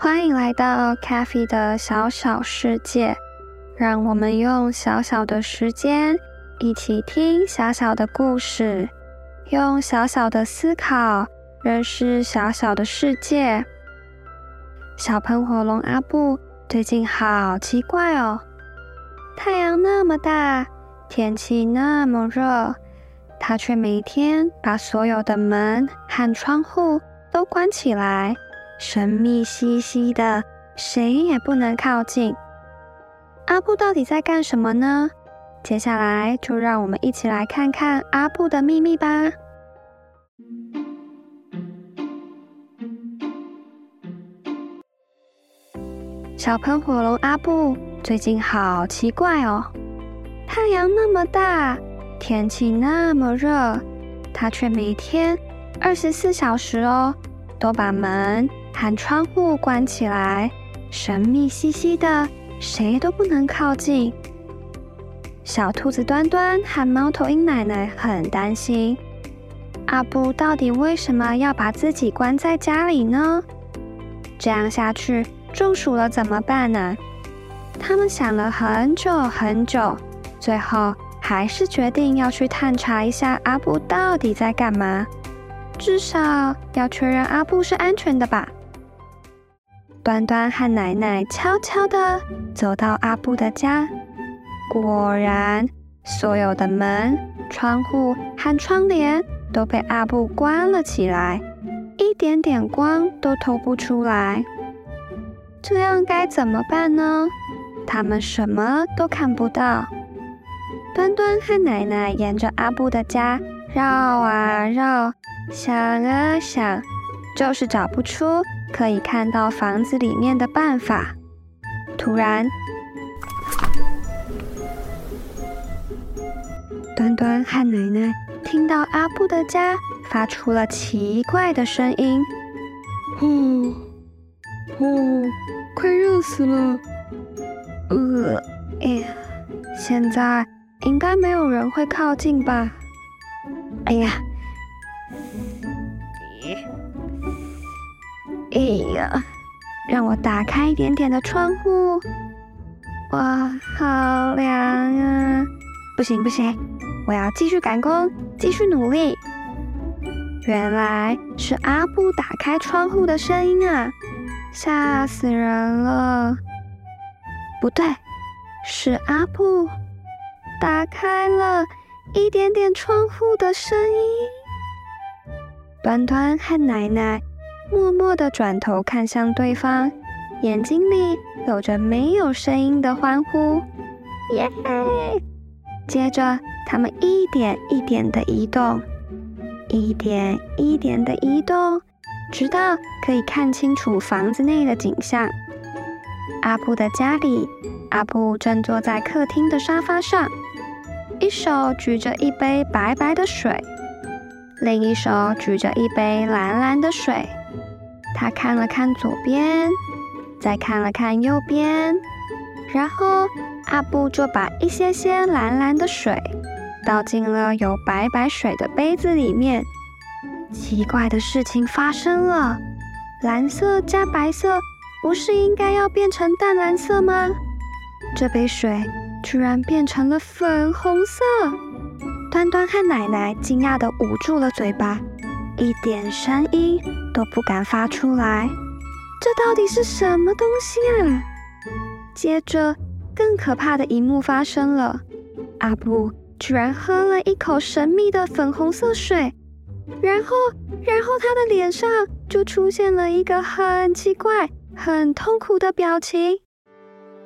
歡迎來到咖 a 的小小世界，讓我們用小小的時間一起聽小小的故事，用小小的思考認識小小的世界。小噴火龍阿布最近好奇怪哦，太陽那麼大，天氣那麼熱，他卻每天把所有的門和窗戶都關起來。神秘兮兮的，誰也不能靠近。阿布到底在幹什麼呢？接下來，就讓我們一起來看看阿布的秘密吧。小噴火龍阿布最近好奇怪哦，太陽那麼大，天氣那麼熱，他卻每天二十四小時哦，都把門。和窗戶關起來，神秘兮兮的，誰都不能靠近。小兔子端端和貓頭鷹奶奶很擔心，阿布到底為什麼要把自己關在家裡呢？這樣下去中暑了怎麼辦呢？他們想了很久很久，最後還是決定要去探查一下阿布到底在幹嘛，至少要確認阿布是安全的吧。端端和奶奶悄悄地走到阿布的家，果然，所有的門、窗戶和窗簾都被阿布關了起來，一點點光都透不出來。這樣該怎麼辦呢？他們什麼都看不到。端端和奶奶沿着阿布的家繞啊繞，想啊想，就是找不出，可以看到房子裡面的辦法。突然，端端和奶奶聽到阿布的家發出了奇怪的聲音。呼，呼，快熱死了！呃，哎呀，現在應該沒有人會靠近吧？哎呀！咦？哎呀，讓我打開一點點的窗戶，哇，好涼啊！不行不行，我要繼續趕工，繼續努力。原來是阿布打開窗戶的聲音啊，嚇死人了！不對，是阿布打開了一點點窗戶的聲音。端端和奶奶。默默地轉頭看向對方，眼睛裡有着沒有聲音的歡呼。耶、yeah!！接着，他們一點一點地移動，一點一點地移動，直到可以看清楚房子內的景象。阿布的家裡，阿布正坐在客廳的沙發上，一手舉着一杯白白的水，另一手舉着一杯藍藍的水。他看了看左邊，再看了看右邊，然後阿布就把一些些藍藍的水倒進了有白白水的杯子裡面。奇怪的事情發生了，藍色加白色不是應該要變成淡藍色嗎？這杯水居然變成了粉紅色！端端和奶奶驚訝地捂住了嘴巴。一點聲音都不敢發出來，這到底是什麼東西啊？接着更可怕的一幕發生了：阿布居然喝了一口神秘的粉紅色水，然後，然後他的臉上就出現了一個很奇怪、很痛苦的表情。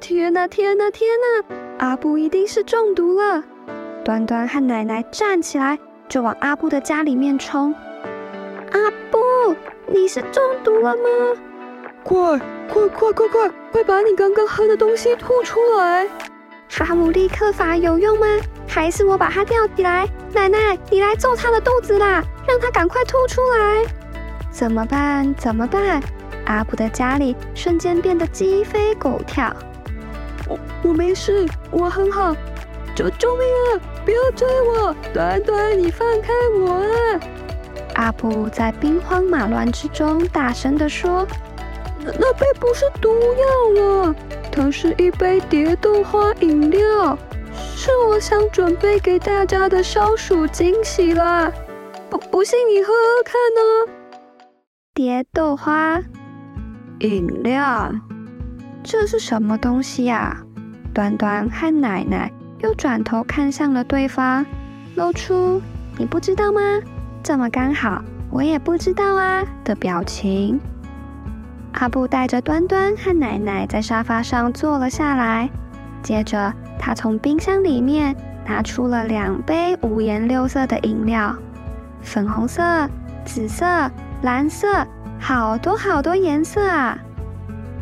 天哪！天哪！天哪！阿布一定是中毒了。端端和奶奶站起來，就往阿布的家裡面衝。阿布，你是中毒了嗎？快快快快快快把你剛剛喝的東西吐出來！哈姆立克法有用嗎？還是我把他吊起來？奶奶，你來揍他的肚子啦！讓他趕快吐出來！怎麼辦？怎麼辦？阿布的家裡瞬間變得雞飛狗跳。我我沒事，我很好。救救命啊！不要追我！短短，你放開我啊！阿布在兵荒馬亂之中大聲地說那：“那杯不是毒藥了，它是一杯蝶豆花飲料，是我想準備給大家的消暑驚喜啦！不，不信你喝喝看呢、啊。”蝶豆花飲料，這是什麼東西呀、啊？端端和奶奶又轉頭看向了對方，露出：“你不知道嗎？”這麼剛好，我也不知道啊的表情。阿布帶着端端和奶奶在沙發上坐了下來，接着他從冰箱裡面拿出了兩杯五顏六色的飲料，粉紅色、紫色、藍色，好多好多顏色啊！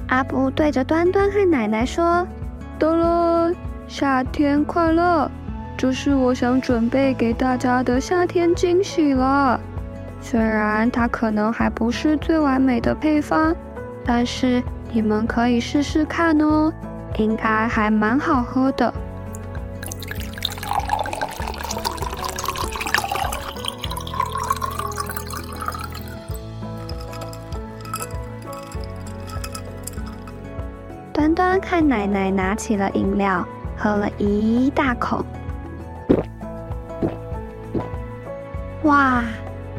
阿布對着端端和奶奶說：“端端，夏天快樂。”這、就是我想準備給大家的夏天驚喜了，雖然它可能還不是最完美的配方，但是你們可以試試看哦，應該還蠻好喝的。端端看奶奶拿起了飲料，喝了一大口。哇，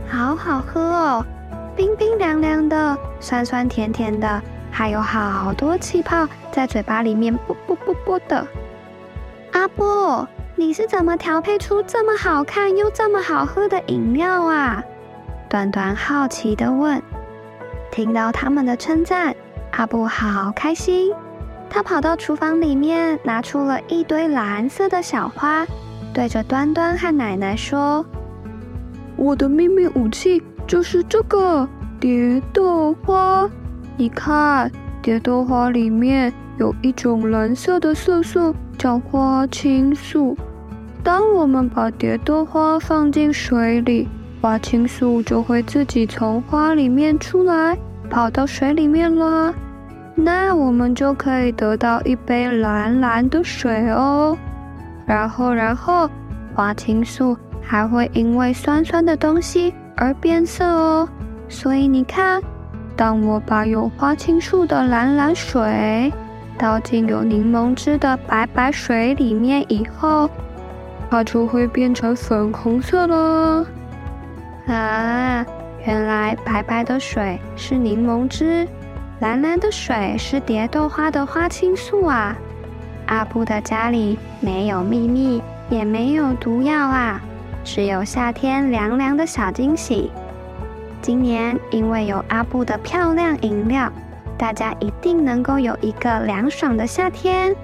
好好喝哦！冰冰涼涼的，酸酸甜甜的，還有好多氣泡在嘴巴裡面啵啵啵啵的。阿布，你是怎麼調配出這麼好看又這麼好喝的飲料啊？端端好奇的問。聽到他們的稱讚，阿布好開心。他跑到廚房裡面，拿出了一堆藍色的小花，對着端端和奶奶說。我的秘密武器就是這個蝶豆花，你看，蝶豆花裡面有一種藍色的色素，叫花青素。當我們把蝶豆花放進水裡，花青素就會自己從花裡面出來，跑到水裡面啦。那我們就可以得到一杯藍藍的水哦。然後，然後，花青素。還會因為酸酸的東西而變色哦，所以你看，當我把有花青素的藍藍水倒進有檸檬汁的白白水裡面以後，它就會變成粉紅色了。啊，原來白白的水是檸檬汁，藍藍的水是蝶豆花的花青素啊！阿布的家裡沒有秘密，也沒有毒藥啊！只有夏天涼涼的小驚喜。今年因為有阿布的漂亮飲料，大家一定能夠有一個涼爽的夏天。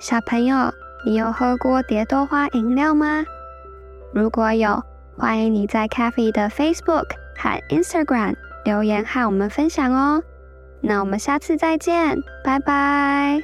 小朋友，你有喝過蝶豆花飲料嗎？如果有，歡迎你在 Cafe 的 Facebook 和 Instagram 留言和我們分享哦。那我們下次再見，拜拜。